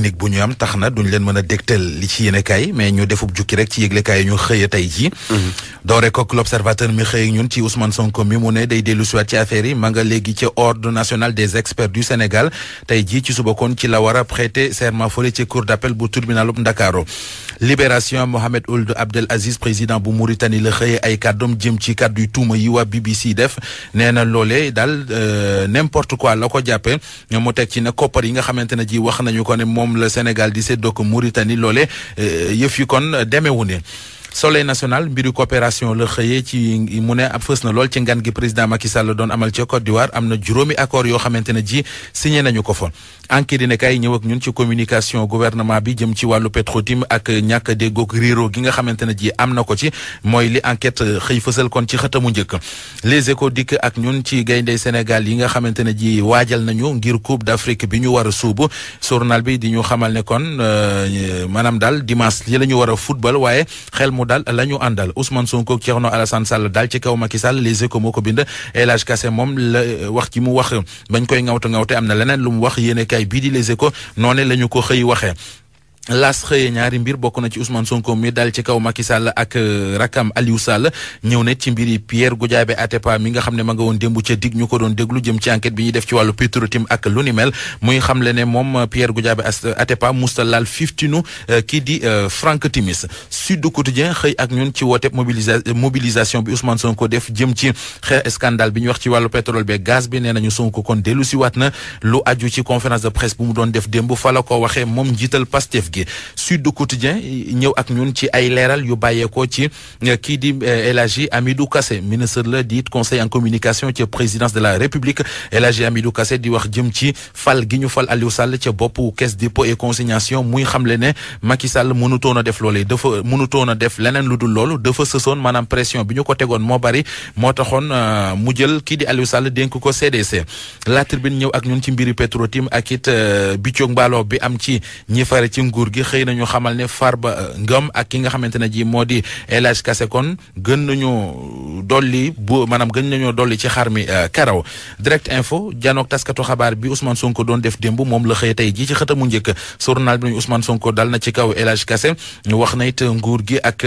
technique bu ñu am tax na duñ leen mën a dégtal li ci yéenekaay mais ñu defub jukki rek ci yëglekaay ñu xëy a tey jii mhm. doore kook l'observateur mi xëy ñun ci Ousmane Sonko mi mu ne day dellu ci affaire ma nga léegi ci ordre national des experts du Sénégal tey jii ci suba ci la war a serment fële ci cour d'appel bu tribunalub Ndakaaru libération Mohamed Ould Abdel Aziz président bu Mauritanie la xëye ay kàddoom jëm ci kàdduy tuuma yi moom Sénégal di séddoo ko Mauritanie loole euh, yëf yi kon demeewu ne soleil national mbiru coopération la xëyee ci mu ne ab fës na lool ci ngan gi président Macky Sall doon amal ca Côte d'Ivoire am na juróomi accord yoo xamante ne ji signé nañu ko fa enquête dina kay ñëw ak ñun ci communication gouvernement bi jëm ci wàllu Petro-Tim ak ñàkk déggoog réero gi nga xamante ne ji am na ko ci mooy li enquête xëy fësal kon ci xëtamu njëkk les échos dikk ak ñun ci gaynde Sénégal yi nga xamante ne ji waajal nañu ngir Coupe d'Afrique bi ñu war a suubu journal bi di ñu xamal ne kon euh, maanaam daal dimanche li la ñu war a football waaye mu daal la ñu àndal Ousmane Sonko ak Thierno Alassane Sall daal ci kaw Macky Sall les échos moo ko bind El Hadj Kassé moom la euh, wax ci mu wax bañ koy ngawte ngawte am na leneen lu mu wax yéene kaay bii di les échos noone la ñu ko xëy waxee las xëye ñaari mbir bokk na ci Ousmane Sonko mi dal ci kaw Macky Sall ak euh, nga xam ne ma nga woon démb ca dig ñu ko doon déglu jëm ci enquête bi ñuy def ci xam le moom euh, Pierre Goudiaby euh, Atepa musta laal fiftinu kii di Franck Timis Sud Quotidien xëy ak ñun ci woote mobilisa mobilisation bi Ousmane Sonko def jëm ci xeex scandale bi ñu wax ci wàllu pétrole bi gaz bi nee ñu son kon dellu si na lu aju ci conférence de presse bu mu doon def démb fa la ko waxee moom njiital Pastef gi gi Sud Quotidien ñëw ak ñun ci ay leeral yu bàyyeekoo ci eh, kii di eh, El Hadji Amidou Kassé ministre la di conseil en communication ci présidence de la République El Hadji Amidou Kassé di wax jëm ci fal gi ñu fal Aliou Sall ca boppu caisse dépôt et consignation muy xamle ne Macky Sall mënutoon a def loolee dafa mënutoon def leneen lu dul loolu dafa sësoon maanaam pression bi ñu ko tegoon moo bari moo taxoon euh, mu jël kii di Aliou Sall dénk ko CDC la tribune ñëw ak ñun ci mbiri Petro-Tim ak it euh, biccoog mbaaloo bi am ci ñi fare nguur gi xëy nañu xamal ne Farba euh, Ngom ak ki nga xamante ne ji moo di El Hadj Kassé kon gën nañu dolli bu maanaam gën nañoo dolli ci xar mi euh, karaw direct info janook taskatu xabaar bi Ousmane Sonko doon def démb moom la xëy tey jii ci xëtamu njëkk journal bi nañu Ousmane Sonko dal na ci kaw El Hadj Kassé wax na it euh, nguur gi ak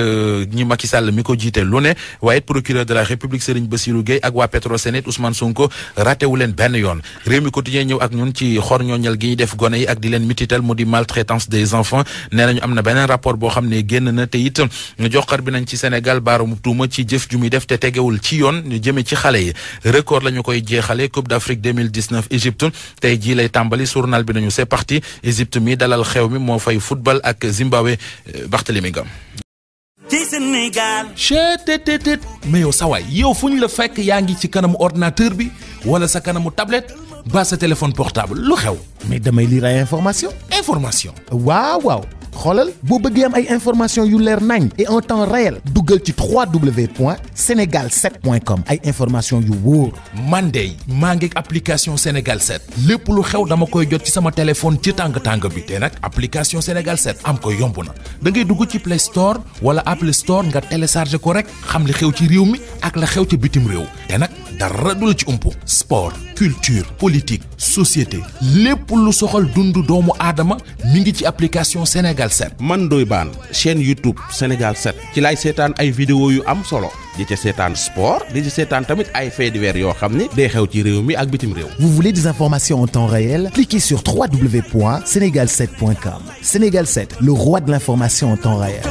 ñi Macky Sall mi ko jiite lu ne waaye it procureur de la République Serigne Bassirou Gueye ak waa Petrosen it Ousmane Sonko ratewu leen benn yoon réew mi quotidien ñëw ak ñun ci xor ñooñal gi ñuy def gone yi ak di enfants nee nañu am na beneen rapport boo xam ne génn na te it joxar bi nañ ci Sénégal baaraamu tuuma ci jëf ju muy def te tegewul ci yoon ñu jëmee ci xale yi record la ñu koy jeexale Coupe d'Afrique 2019 Égypte tey jii lay tàmbali journal bi nañu c'est parti Égypte mi dalal xew mi moo fay football ak Zimbabwe euh, Barthélemy Ngam chetttt mais yow sawaay yow fu ñu la fekk yaa ngi ci kanamu ordinateur bi wala sa kanamu tablette ba sa téléphone portable lu xew. mais damay lire ay information information waaw waaw. xoolal boo bëggee am ay information yu leer nañ et en temps réel duggal ci www.senegal7.com ay information yu wóor man de maa ngi application Sénégal 7 lépp lu xew dama koy jot ci sama téléphone ci tàng tàng bi te nag application Sénégal 7 am ko yomb na da ngay dugg ci Play Store wala Apple Store nga télécharge ko rek xam li xew ci réew mi ak la xew ci bitim réew dara ci umpu sport culture politique société lépp lu soxal dundu doomu aadama mi ngi ci application Sénégal 7 man doy baan chaîne YouTube Sénégal 7 ci laay seetaan ay vidéo yu am solo di ca seetaan sport di ci seetaan tamit ay faits divers yoo xam ni day xew ci réew mi ak bitim réew. Vous voulez des informations en temps réel? Cliquez sur www.senegal7.com. Sénégal 7, le roi de l'information en temps réel.